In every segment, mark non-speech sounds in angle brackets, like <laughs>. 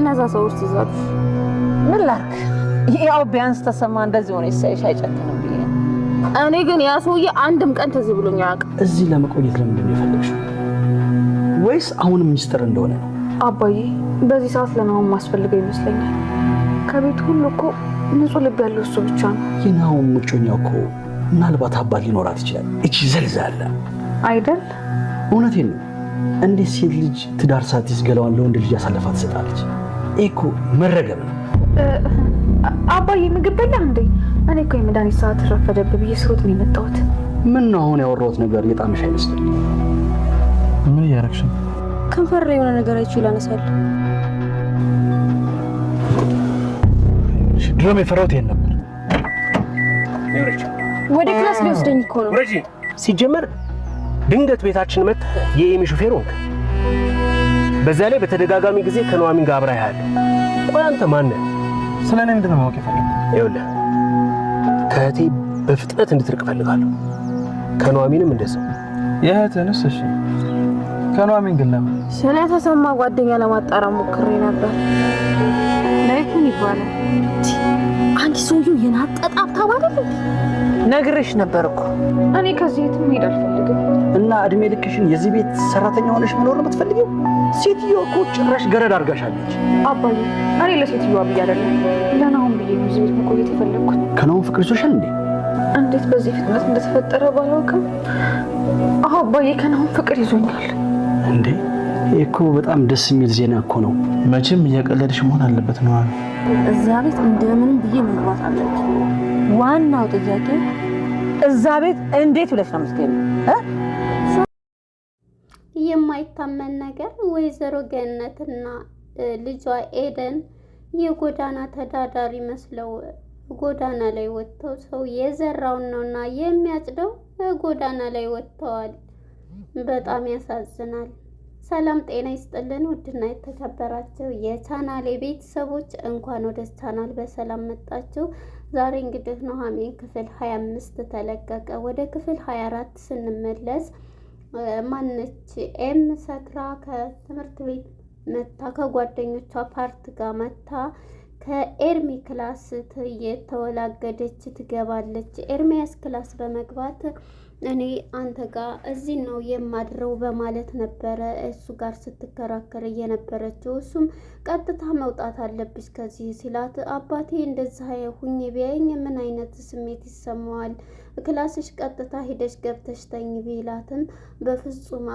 እነዛ ሰዎች ትይዛሉ። ምን ላድርግ? ያው ቢያንስ ተሰማ እንደዚህ ሆነ ይሳይሽ አይጨክንም ብዬ እኔ ግን ያ ሰውዬ አንድም ቀን ትዝ ብሎኝ አያውቅም። እዚህ ለመቆየት ለምንድን ነው የፈለግሽው? ወይስ አሁንም ሚስጥር እንደሆነ ነው? አባዬ በዚህ ሰዓት ለናሁም ማስፈልገው ይመስለኛል። ከቤት ሁሉ እኮ ንጹህ ልብ ያለው እሱ ብቻ ነው። የናሁም ምጮኛ እኮ ምናልባት አባት ሊኖራት ይችላል። እቺ ዘልዛለ አይደል? እውነቴን ነው። እንዴት ሴት ልጅ ትዳር ሳትይዝ ገላዋን ለወንድ ልጅ ያሳለፋ ትሰጣለች? እኮ መረገም ነው። አባዬ ምግብ በላ እንዴ? እኔ እኮ የመድኃኒት ሰዓት ረፈደብህ ብዬ ስሮጥ ነው የመጣሁት። ምን ነው አሁን ያወራሁት ነገር የጣምሽ አይመስልም? ምን እያረግሽ ነው? ከንፈር የሆነ ነገር አይቼ ላነሳል። ድሮም የፈራሁት ይሄን ነበር። ወደ ክላስ ሊወስደኝ እኮ ነው። ሲጀመር ድንገት ቤታችን መጥተህ የኤሚ ሹፌር ሆንክ። በዛ ላይ በተደጋጋሚ ጊዜ ከኑሐሚን ጋር አብራ ያለ። ቆይ አንተ ማነህ? ስለ እኔ ምንድን ነው ማወቅ የፈለግህ? ይኸውልህ ከእህቴ በፍጥነት እንድትርቅ እፈልጋለሁ። ከኑሐሚንም እንደዚያው። የእህትህንስ? እሺ። ከኑሐሚን ግን ለምን? ተሰማ ጓደኛ ለማጣራ ሞክሬ ነበር። ላይኩን ይባላል። አንቺ ሰውዬው የናጠጣብታ እንዴ? ነግሬሽ ነበር እኮ እኔ ከዚህ የትም መሄድ አልፈልግም። እና እድሜ ልክሽን የዚህ ቤት ሰራተኛ ሆነሽ መኖር ነው የምትፈልጊው? ሴትዮ እኮ ጭራሽ ገረድ አድርጋሻለች። አባዬ እኔ ለሴትዮዋ ብዬ አይደለም ለናሁን ብዬ ነው እዚህ ቤት መቆየት የፈለግኩት። ከናሁን ፍቅር ይዞሻል እንዴ? እንዴት በዚህ ፍጥነት እንደተፈጠረ ባላውቅም አባዬ ከናሁን ፍቅር ይዞኛል እንዴ እኮ በጣም ደስ የሚል ዜና እኮ ነው። መቼም እያቀለድሽ መሆን አለበት ነው አሉ። እዛ ቤት እንደምንም ብዬ መግባት አለች። ዋናው ጥያቄ እዛ ቤት እንዴት ብለሽ ነው ምስገኝ የማይታመን ነገር ወይዘሮ ገነትና ልጇ ኤደን የጎዳና ተዳዳሪ መስለው ጎዳና ላይ ወጥተው ሰው የዘራውን ነውና የሚያጭደው ጎዳና ላይ ወጥተዋል። በጣም ያሳዝናል። ሰላም ጤና ይስጥልን። ውድና የተከበራችሁ የቻናሌ ቤተሰቦች እንኳን ወደ ቻናል በሰላም መጣችሁ። ዛሬ እንግዲህ ኑሃሚን ክፍል 25 ተለቀቀ። ወደ ክፍል 24 ስንመለስ ማነች ኤም ሰክራ ከትምህርት ቤት መታ ከጓደኞቿ ፓርት ጋር መታ ከኤርሚ ክላስ እየተወላገደች ትገባለች። ኤርሚያስ ክላስ በመግባት እኔ አንተ ጋር እዚህ ነው የማድረው በማለት ነበረ እሱ ጋር ስትከራከር እየነበረችው። እሱም ቀጥታ መውጣት አለብሽ ከዚህ ሲላት፣ አባቴ እንደዛ የሁኝ ቢያየኝ ምን አይነት ስሜት ይሰማዋል? ክላስሽ ቀጥታ ሂደሽ ገብተሽ ተኝ ቢላትም፣ በፍጹም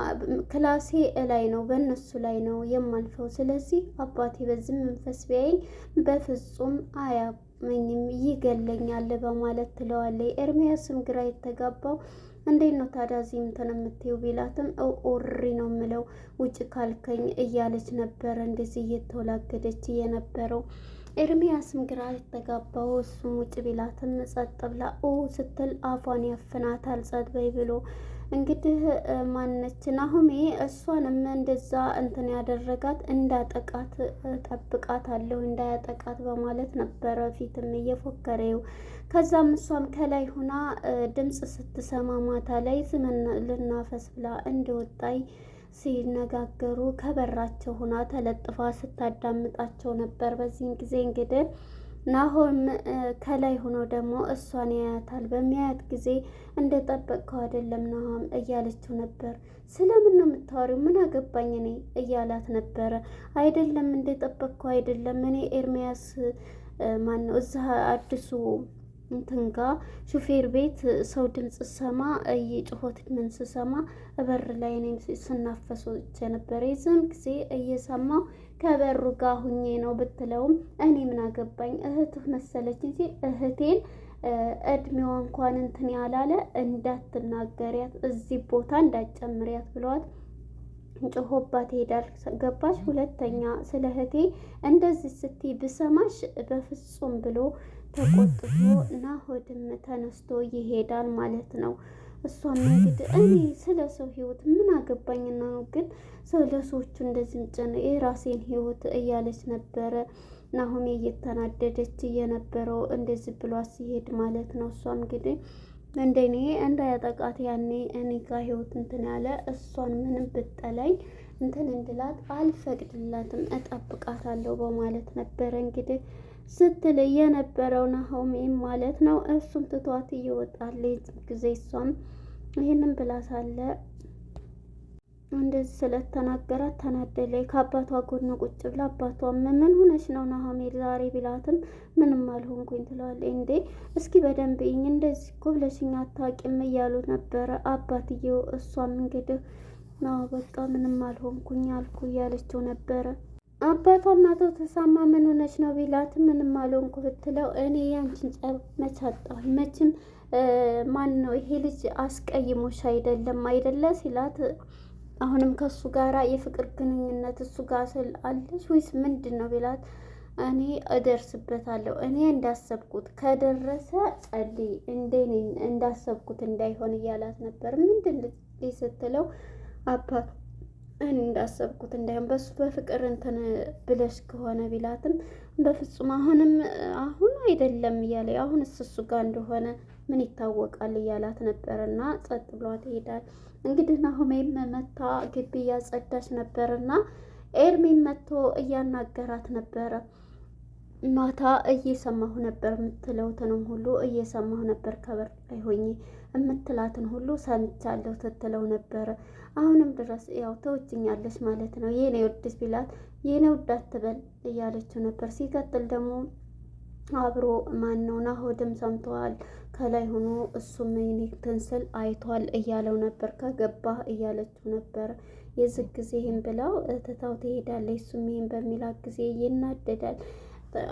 ክላሴ እላይ ነው በእነሱ ላይ ነው የማልፈው። ስለዚህ አባቴ በዚህ መንፈስ ቢያየኝ በፍጹም አያመኝም፣ ይገለኛል በማለት ትለዋለች። ኤርሚያስም ግራ የተጋባው እንዴት ነው ታዲያ እዚህ እንትን የምትይው ቢላትም ኦሪ ነው የምለው ውጭ ካልከኝ እያለች ነበረ እንደዚህ እየተወላገደች የነበረው። ኤርሚያስም ግራ የተጋባው እሱም ውጭ ቢላትም ጸጥ ብላ ኦ ስትል አፏን ያፍናታል ጸጥ በይ ብሎ እንግዲህ ማነች ናሆሜ እሷንም እንደዛ እንትን ያደረጋት እንዳጠቃት ጠብቃት አለው እንዳያጠቃት በማለት ነበረ ፊትም እየፎከሬው። ከዛም እሷም ከላይ ሁና ድምፅ ስትሰማ ማታ ላይ ዝምን ልናፈስ ብላ እንደወጣይ ሲነጋገሩ ከበራቸው ሁና ተለጥፋ ስታዳምጣቸው ነበር። በዚህን ጊዜ እንግዲህ ናሆም ከላይ ሆኖ ደግሞ እሷን ያያታል። በሚያያት ጊዜ እንደጠበቅከው አይደለም ናሆም እያለችው ነበር። ስለምን ነው የምታወሪው? ምን አገባኝ እኔ እያላት ነበረ። አይደለም እንደጠበቅከው አይደለም። እኔ ኤርሚያስ ማን ነው እዛ አዲሱ እንትንጋ ሹፌር ቤት ሰው ድምፅ ስሰማ እየጮሆት ምን ስሰማ እበር ላይ እኔም ስናፈሶች ነበረ የዚህም ጊዜ እየሰማው ከበሩ ጋር ሁኜ ነው ብትለውም እኔ ምን አገባኝ እህትህ መሰለች እንጂ እህቴን እድሜዋ እንኳን እንትን ያላለ እንዳትናገሪያት እዚህ ቦታ እንዳትጨምሪያት ብለዋት ጮሆባት ይሄዳል። ገባሽ? ሁለተኛ ስለ እህቴ እንደዚህ ስትይ ብሰማሽ በፍጹም ብሎ ተቆጥቶ ናሆድም ተነስቶ ይሄዳል ማለት ነው። እሷን እንግዲህ እኔ ስለ ሰው ህይወት ምን አገባኝና ነው ግን ሰው ለሰዎቹ እንደዚህ ምጭን የራሴን ህይወት እያለች ነበረ ናሆሜ እየተናደደች እየነበረው እንደዚህ ብሏት ሲሄድ ማለት ነው። እሷም እንግዲህ እንደኔ እንዳያጠቃት ያኔ እኔ ጋ ህይወት እንትን ያለ እሷን ምንም ብጠላኝ እንትን እንድላት አልፈቅድላትም፣ እጠብቃታለሁ በማለት ነበረ እንግዲህ ስትል የነበረው ናሆሜም ማለት ነው። እሱም ትቷት እየወጣል ጊዜ እሷም ይህንም ብላ ሳለ እንደዚህ ስለተናገራት ተናደለ። ከአባቷ ጎን ቁጭ ብላ አባቷ ምን ሆነች ነው ናሆሜል ዛሬ ቢላትም ምንም አልሆንኩኝ ትለዋለች። እንዴ እስኪ በደንብ ይኝ እንደዚህ እኮ ብለሽኝ አታውቂም እያሉ ነበረ አባትየው። እሷም እንግዲህ ና በቃ ምንም አልሆንኩኝ አልኩ እያለችው ነበረ አባቷ እናቶ ተሳማ ምን ሆነች ነው ቢላት ምንም አልሆንኩ ብትለው እኔ ያንቺን ጸብ መቻጣሁ መችም ማን ነው ይሄ ልጅ አስቀይሞሽ አይደለም አይደለ ሲላት አሁንም ከሱ ጋራ የፍቅር ግንኙነት እሱ ጋር ስል ወይስ ምንድን ነው ቢላት እኔ እደርስበታለሁ እኔ እንዳሰብኩት ከደረሰ ጸልይ እንደኔ እንዳሰብኩት እንዳይሆን እያላት ነበር ምንድን ስትለው አባቷ እኔ እንዳሰብኩት እንዳይሆን በሱ በፍቅር እንትን ብለሽ ከሆነ ቢላትም በፍጹም አሁንም አሁን አይደለም እያለ አሁን እሱ ጋር እንደሆነ ምን ይታወቃል እያላት ነበርና ጸጥ ብሏት ይሄዳል። እንግዲህ ናሆሜም መታ ግቢ እያጸዳች ነበርና ኤርሜም መጥቶ እያናገራት ነበረ። ማታ እየሰማሁ ነበር የምትለውትንም ሁሉ እየሰማሁ ነበር ከበር ላይ ሆኜ የምትላትን ሁሉ ሰምቻለሁ ትትለው ነበረ። አሁንም ድረስ ያው ተወችኛለች ማለት ነው የኔ ውድስ ቢላት የኔ ውድ አትበል እያለችው ነበር። ሲቀጥል ደግሞ አብሮ ማን ነው ናሆድም ሰምተዋል። ከላይ ሆኖ እሱም ኔክትን ስል አይቷል እያለው ነበር። ከገባ እያለችው ነበር። የዚህ ጊዜ ይህን ብለው ትታው ትሄዳለች። እሱም ይህን በሚላት ጊዜ ይናደዳል።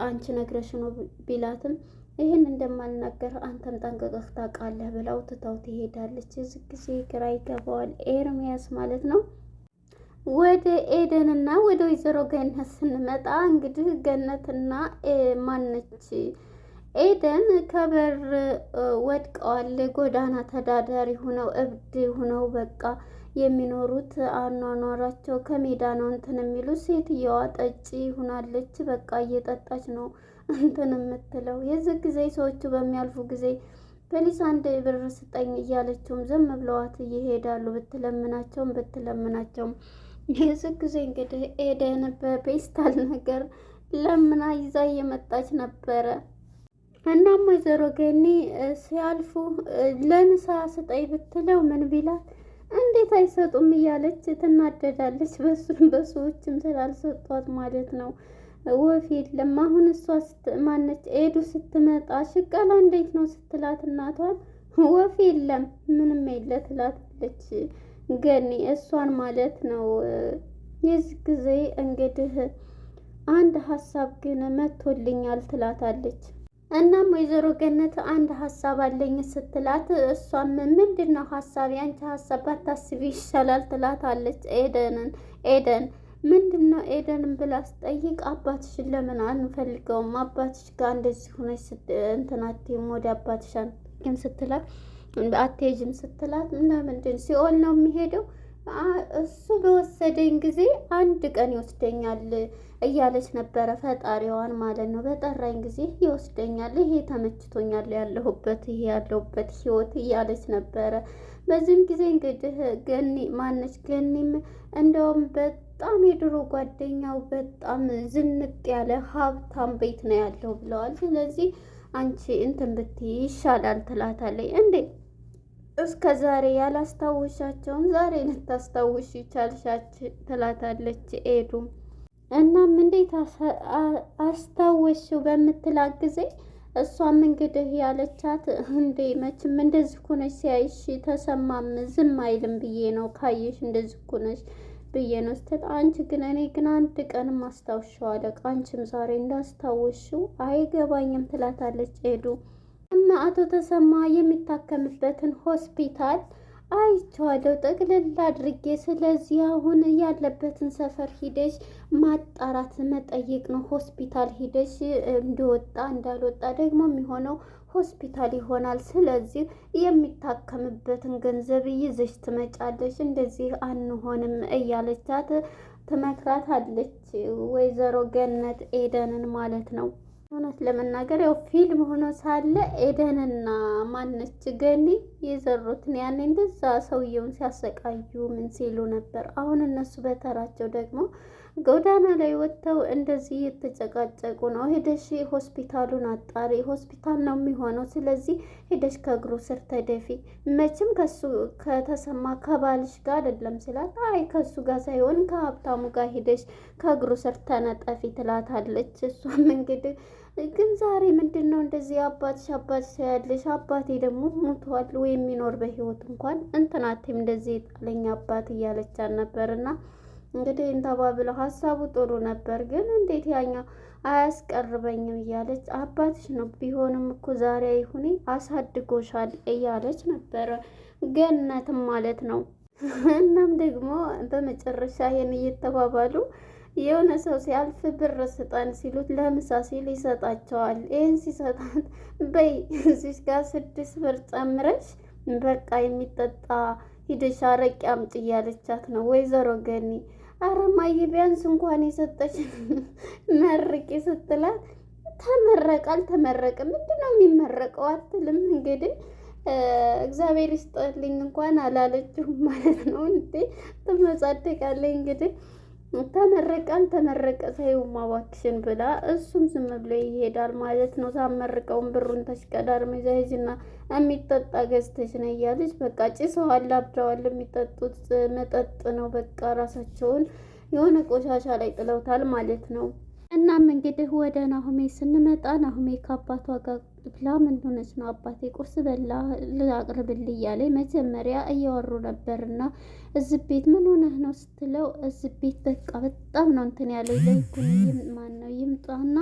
አንቺ ነግረሽ ነው ቢላትም ይህን እንደማልናገር አንተም ጠንቅቀህ ታውቃለህ ብለው ትተው ትሄዳለች። እዚ ጊዜ ግራ ይገባዋል ኤርሚያስ ማለት ነው። ወደ ኤደንና ወደ ወይዘሮ ገነት ስንመጣ እንግዲህ ገነትና ማነች ኤደን ከበር ወድቀዋል። ጎዳና ተዳዳሪ ሁነው እብድ ሁነው በቃ የሚኖሩት አኗኗራቸው ከሜዳ ነው እንትን የሚሉት። ሴትየዋ ጠጪ ሁናለች። በቃ እየጠጣች ነው <laughs> እንትን የምትለው። የዚህ ጊዜ ሰዎቹ በሚያልፉ ጊዜ ፖሊስ አንድ ብር ስጠኝ እያለችውም ዝም ብለዋት እየሄዳሉ። ብትለምናቸውም ብትለምናቸውም <laughs> የዚህ ጊዜ እንግዲህ ኤደን በፔስታል ነገር ለምና ይዛ እየመጣች ነበረ። እናም ወይዘሮ ገኒ ሲያልፉ ለምሳ ስጠኝ ብትለው ምን ቢላት እንዴት አይሰጡም እያለች ትናደዳለች። በሱም በሰዎችም ስላልሰጧት ማለት ነው። ወፍ የለም አሁን እሷ ማነች ኤዱ ስትመጣ ሽቀላ እንዴት ነው ስትላት እናቷን ወፍ የለም ምንም የለ ትላታለች። ገኒ እሷን ማለት ነው። የዚህ ጊዜ እንግዲህ አንድ ሀሳብ ግን መቶልኛል ትላታለች። እናም ወይዘሮ ገነት አንድ ሀሳብ አለኝ ስትላት እሷም ምንድን ነው ሀሳብ ያንቺ ሀሳብ ባታስቢ ይሻላል ትላት አለች ኤደንን ኤደን ምንድን ነው ኤደንን ብላ ስጠይቅ አባትሽን ለምን አንፈልገውም አባትሽ ጋር እንደዚህ ሆነሽ እንትናቴም ወደ አባትሽ አንፈልግም ስትላት አትሄጂም ስትላት ለምንድን ሲኦል ነው የሚሄደው እሱ በወሰደኝ ጊዜ አንድ ቀን ይወስደኛል እያለች ነበረ ፈጣሪዋን ማለት ነው። በጠራኝ ጊዜ ይወስደኛል፣ ይሄ ተመችቶኛል፣ ያለሁበት ይሄ ያለሁበት ህይወት እያለች ነበረ። በዚህም ጊዜ እንግዲህ ገኒ ማነች ገኒም እንደውም በጣም የድሮ ጓደኛው በጣም ዝንጥ ያለ ሀብታም ቤት ነው ያለው ብለዋል። ስለዚህ አንቺ እንትን ብትይ ይሻላል ትላታለች እንዴ እስከ ዛሬ ያላስታወሻቸውን ዛሬ ልታስታውሽ ይቻልሻች ትላታለች ኤዱ። እናም እንዴት አስታወሽው በምትላት ጊዜ እሷም እንግዲህ ያለቻት እንዴ መቼም እንደዚህ ኩነሽ ሲያይሽ ተሰማም ዝም አይልም ብዬ ነው ካየሽ እንደዚህ ኩነሽ ብዬ ነው ስትል፣ አንቺ ግን እኔ ግን አንድ ቀንም አስታውሻዋለሁ አንቺም ዛሬ እንዳስታወሽው አይገባኝም ትላታለች ኤዱ። አቶ ተሰማ የሚታከምበትን ሆስፒታል አይቼዋለሁ ጠቅልል አድርጌ። ስለዚህ አሁን ያለበትን ሰፈር ሂደሽ ማጣራት መጠየቅ ነው። ሆስፒታል ሂደሽ እንደወጣ እንዳልወጣ ደግሞ የሚሆነው ሆስፒታል ይሆናል። ስለዚህ የሚታከምበትን ገንዘብ ይዘሽ ትመጫለሽ፣ እንደዚህ አንሆንም እያለቻት ትመክራታለች። ወይዘሮ ገነት ኤደንን ማለት ነው። እውነት ለመናገር ያው ፊልም ሆኖ ሳለ ኤደንና ማነች ገኒ የዘሩትን ያኔ እንደዛ ሰውየውን ሲያሰቃዩ ምን ሲሉ ነበር። አሁን እነሱ በተራቸው ደግሞ ጎዳና ላይ ወጥተው እንደዚህ እየተጨቃጨቁ ነው። ሄደሽ ሆስፒታሉን አጣሪ፣ ሆስፒታል ነው የሚሆነው። ስለዚህ ሄደሽ ከእግሩ ስር ተደፊ፣ መቼም ከሱ ከተሰማ ከባልሽ ጋር አይደለም ስላት፣ አይ ከሱ ጋር ሳይሆን ከሀብታሙ ጋር ሄደሽ ከእግሩ ስር ተነጠፊ ትላታለች። እሷም እንግዲህ ግን ዛሬ ምንድን ነው እንደዚህ አባትሽ አባት ታያለሽ፣ አባቴ ደግሞ ሙቷል ወይ የሚኖር በህይወት እንኳን እንትናቴም እንደዚህ የጣለኝ አባት እያለቻን ነበርና እንግዲህ እንተባብለው ሀሳቡ ጥሩ ነበር፣ ግን እንዴት ያኛው አያስቀርበኝም እያለች አባትሽ ነው ቢሆንም እኮ ዛሬ ይሁኔ አሳድጎሻል እያለች ነበረ ገነትም ማለት ነው። እናም ደግሞ በመጨረሻ ይሄን እየተባባሉ የሆነ ሰው ሲያልፍ ብር ስጠን ሲሉት ለምሳ ሲል ይሰጣቸዋል። ይህን ሲሰጣት በይ እዚህ ጋር ስድስት ብር ጨምረሽ በቃ የሚጠጣ ሂደሽ አረቂ አምጪ እያለቻት ነው ወይዘሮ ገኒ አረማዬ ቢያንስ እንኳን የሰጠች <laughs> መርቂ ስትላት ተመረቀ አልተመረቀ ምንድን ነው የሚመረቀው አትልም። እንግዲህ እግዚአብሔር ይስጠልኝ እንኳን አላለችው ማለት ነው እንዴ ትመጻደቃለች እንግዲህ ተመረቀን ተመረቀ ሳይው ማባክሽን ብላ እሱም ዝም ብሎ ይሄዳል ማለት ነው። ሳመርቀውን ብሩን ተሽቀዳር መዛይዝና የሚጠጣ ገዝተሽ ነው እያለች በቃ ጭሰዋል፣ አብደዋል። የሚጠጡት መጠጥ ነው። በቃ ራሳቸውን የሆነ ቆሻሻ ላይ ጥለውታል ማለት ነው። እናም እንግዲህ ወደ ናሁሜ ስንመጣ ናሁሜ ከአባቷ ጋር ብላ ምን ሆነች ነው አባቴ ቁርስ በላ ላቅርብል እያለ መጀመሪያ እያወሩ ነበርና እዚህ ቤት ምን ሆነህ ነው ስትለው እዚህ ቤት በቃ በጣም ነው እንትን ያለው ለይኩን ማን ነው ይምጣና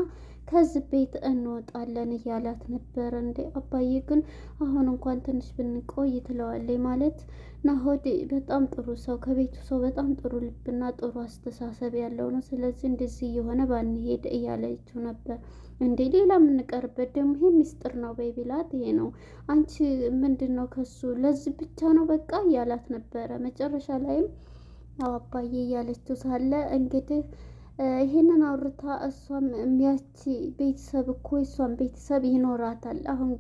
ከዚህ ቤት እንወጣለን እያላት ነበር። እንዴ አባዬ ግን አሁን እንኳን ትንሽ ብንቆይ ትለዋለች። ማለት ናሆድ በጣም ጥሩ ሰው ከቤቱ ሰው በጣም ጥሩ ልብና ጥሩ አስተሳሰብ ያለው ነው። ስለዚህ እንደዚህ እየሆነ ባንሄድ እያለችው ነበር። እንዴ ሌላ የምንቀርበት ደግሞ ይሄ ሚስጥር ነው በይ ቢላት፣ ይሄ ነው አንቺ ምንድን ነው ከሱ ለዚህ ብቻ ነው በቃ እያላት ነበረ። መጨረሻ ላይም አባዬ እያለችው ሳለ እንግዲህ ይህንን አውርታ እሷም የሚያቺ ቤተሰብ እኮ እሷም ቤተሰብ ይኖራታል። አሁን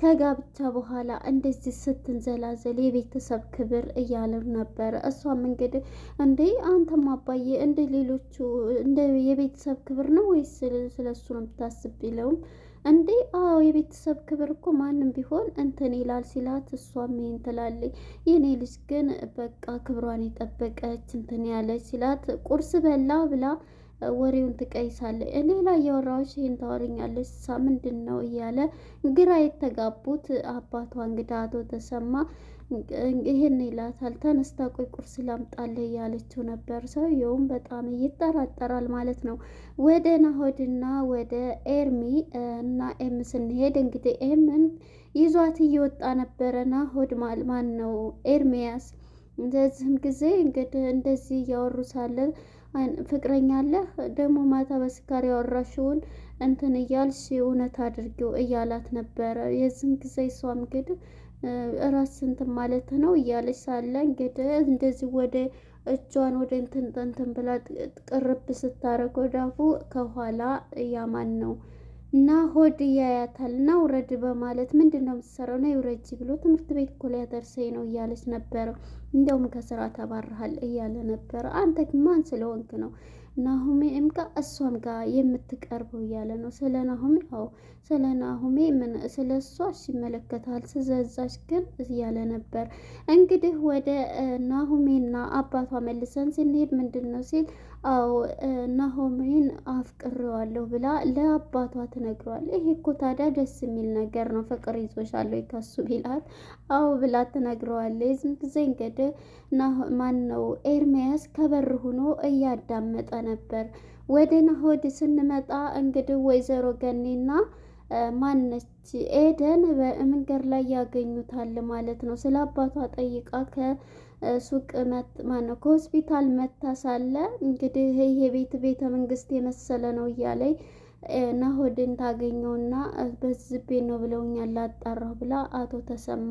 ከጋብቻ በኋላ እንደዚህ ስትንዘላዘል የቤተሰብ ክብር እያለው ነበረ። እሷም እንግዲህ እንዴ አንተም አባዬ እንደ ሌሎቹ እንደ የቤተሰብ ክብር ነው ወይስ እሱ ነው የምታስብ ይለውም እንዴ አዎ የቤተሰብ ክብር እኮ ማንም ቢሆን እንትን ይላል ሲላት፣ እሷም ይሄን ትላለች። የኔ ልጅ ግን በቃ ክብሯን የጠበቀች እንትን ያለች ሲላት ቁርስ በላ ብላ ወሬውን ትቀይሳለች። ሌላ እያወራዎች ይህን ታወርኛለች ሳ ምንድን ነው እያለ ግራ የተጋቡት አባቷ እንግዳ አቶ ተሰማ ይህን ይላታል። ተነስታ ቆይ ቁርስ ላምጣልህ እያለችው ነበር። ሰውየውም በጣም ይጠራጠራል ማለት ነው። ወደ ናሆድና ወደ ኤርሚ እና ኤም ስንሄድ እንግዲህ ኤምን ይዟት እየወጣ ነበረ ናሆድ ማል ማን ነው ኤርሚያስ እንደዚህም ጊዜ እንግዲህ እንደዚህ እያወሩ ሳለ ፍቅረኛ አለህ ደግሞ ማታ በስካር ያወራሽውን እንትን እያልሽ እውነት አድርጊው እያላት ነበረ። የዚህም ጊዜ እሷም እንግዲህ እራስ እንትን ማለት ነው እያለች ሳለ እንግዲህ እንደዚህ ወደ እጇን ወደ እንትን እንትን ብላ ቅርብ ስታደርገው ዳፉ ከኋላ እያማን ነው እና ሆድ እያያታል እና ውረድ በማለት ምንድን ነው የምትሰራው? ና ውረጅ ብሎ ትምህርት ቤት እኮ ሊያደርሰኝ ነው እያለች ነበረው። እንደውም ከስራ ተባረሃል እያለ ነበረ አንተ ማን ስለሆንክ ነው ናሆሜም ጋር እሷም ጋር የምትቀርበው እያለ ነው። ስለ ናሆሜ አዎ፣ ስለ ናሆሜ ምን ስለ እሷ ይመለከታል፣ ስዘዛሽ ግን እያለ ነበር። እንግዲህ ወደ ናሆሜና አባቷ መልሰን ስንሄድ ምንድን ነው ሲል አዎ ናሆሜን አፍቅሬዋለሁ ብላ ለአባቷ ትነግሯል። ይሄ እኮ ታዲያ ደስ የሚል ነገር ነው። ፍቅር ይዞሻል ወይ ከሱ ቢላት አዎ ብላ ትነግረዋለ። የዝም ጊዜ እንግዲህ ማን ነው ኤርሚያስ ከበር ሆኖ እያዳመጠ ነበር። ወደ ናሆድ ስንመጣ እንግዲህ ወይዘሮ ገኒና ማነች ኤደን በመንገድ ላይ ያገኙታል ማለት ነው። ስለ አባቷ ጠይቃ ከሱቅ ማነው ከሆስፒታል መታ ሳለ እንግዲህ ይሄ ቤት ቤተ መንግስት የመሰለ ነው እያለኝ ናሆድን ታገኘውና በዝቤ ነው ብለውኛል ላጣራሁ ብላ አቶ ተሰማ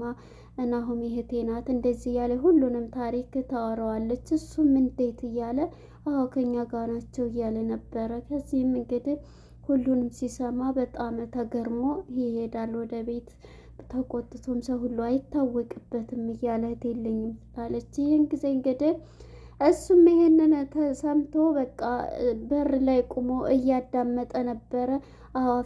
እናሁም ይህቴ ናት እንደዚህ እያለ ሁሉንም ታሪክ ታወራዋለች። እሱም እንዴት እያለ አዎ ከኛ ጋር ናቸው እያለ ነበረ። ከዚህም እንግዲህ ሁሉንም ሲሰማ በጣም ተገርሞ ይሄዳል ወደ ቤት። ተቆጥቶም ሰው ሁሉ አይታወቅበትም እያለ እህት የለኝም ስላለች ይህን ጊዜ እንግዲህ እሱም ይሄንን ተሰምቶ በቃ በር ላይ ቁሞ እያዳመጠ ነበረ። አዎ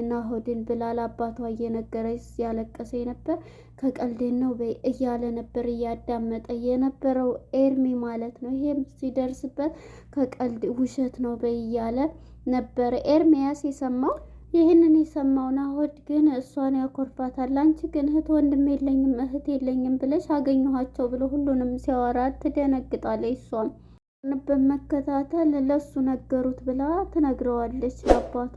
እና ሆድን ብላ ለአባቷ እየነገረች ሲያለቀሰ ነበር። ከቀልዴን ነው በይ እያለ ነበር እያዳመጠ የነበረው ኤርሚ ማለት ነው። ይሄም ሲደርስበት ከቀልድ ውሸት ነው በይ እያለ ነበር ኤርሚያስ የሰማው ይህንን የሰማው ናሆድ ግን እሷን ያኮርፋታል። አንቺ ግን እህት ወንድም የለኝም እህት የለኝም ብለሽ አገኘኋቸው ብሎ ሁሉንም ሲያወራ ትደነግጣለች እሷም በመከታተል ለሱ ነገሩት ብላ ትነግረዋለች ለአባቷ።